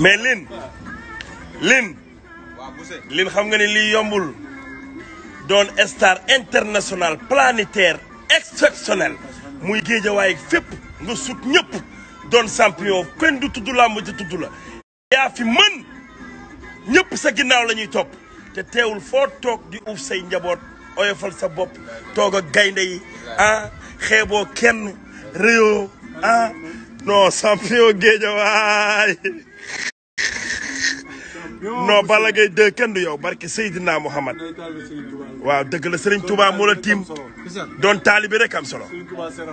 mais lin lin lin xam nga ne lii yombul doon star international planétaire exceptionnel muy géejawaay fépp nga sut ñëpp doon champion kenn du tudd làmb ji tudd la yaa fi mën ñëpp sa ginnaaw la ñuy topp te teewul foo toog di uuf say njaboot oyofal sa bopp toog ak gaynde yi ah xeeboo kenn réyoo ah non champion géejawaay non Balla Gaye 2 kenn du yow barke Seydina Muhammad waaw dëgg la Serigne Touba moo la tiim doon taalibi rek am solo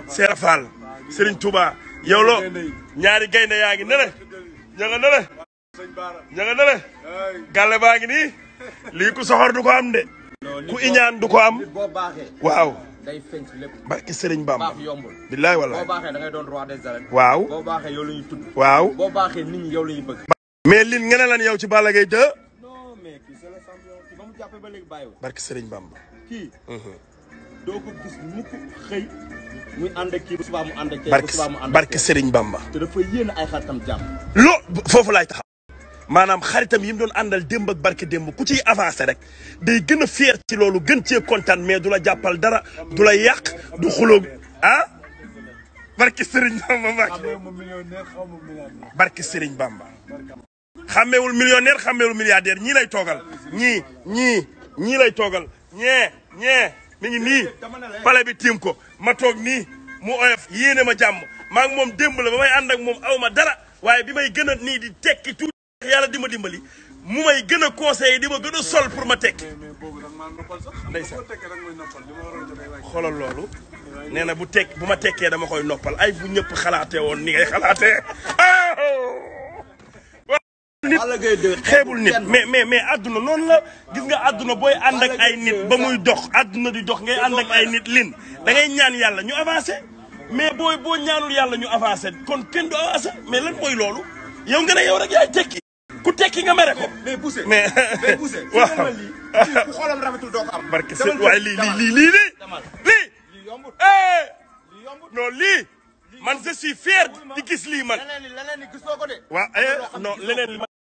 Seera Fall Serigne Touba yow loo ñaari gaynde yaa ngi nele ña nga nele ña nele gàlle baa ngi nii lii ku soxor du ko am de ku iñaan du ko am waaw day feeñ ci lépp barke Serigne Bamba baax yombul billaay wallaay mais lin nga lan yow ci Balla Gaye 2. non mais kii c'est le champion kii ba mu jàppee ba léegi bàyyiwul. barke Serigne Bamba. kii. Mhm. doo Bamba. te jàmm. loo foofu laay taxaw. maanaam xaritam yi mu doon àndal démb ak barke démb ku ciy avancé rek day gën a fier ci loolu gën cee kontaan mais du la jàppal dara du la yàq du xuloo ah. barke Serigne Bamba barke Serigne Bamba. xàmmeewul millionnaire xàmmeewul milliardaire ñii lay toogal ñii ñii ñii lay toogal ñee ñee mi ngi nii pale bi tiim ko ma toog nii mu oyof yéene ma jàmm maa moom démb la ba may ànd ak moom aw ma dara waaye bi may gën a nii di tekki tu yàlla di dimbali mu may gën a conseillé di ma gën a sol pour ma tekki ndeysaan xoolal loolu nee na bu tekk bu ma tekkee dama koy noppal ay bu ñëpp xalaatee woon ni ngay xalaatee nit xeebul nit mais mais mais adduna noon la gis nga adduna booy ànd ak ay nit ba muy dox àdduna di dox ngay ànd ak ay nit lin da ñaan yàlla ñu avancé mais booy boo ñaanul yàlla ñu avancé kon kenn du avancé mais lan mooy loolu yow nga ne yow rek yaay tekki ku tekki nga mere ko. mais poussé mais poussé. waaw ku xoolam rafetul doo am. barke sëñ lii lii lii lii lii. Eh! non lii man je suis fier di gis lii man. waaw non leneen li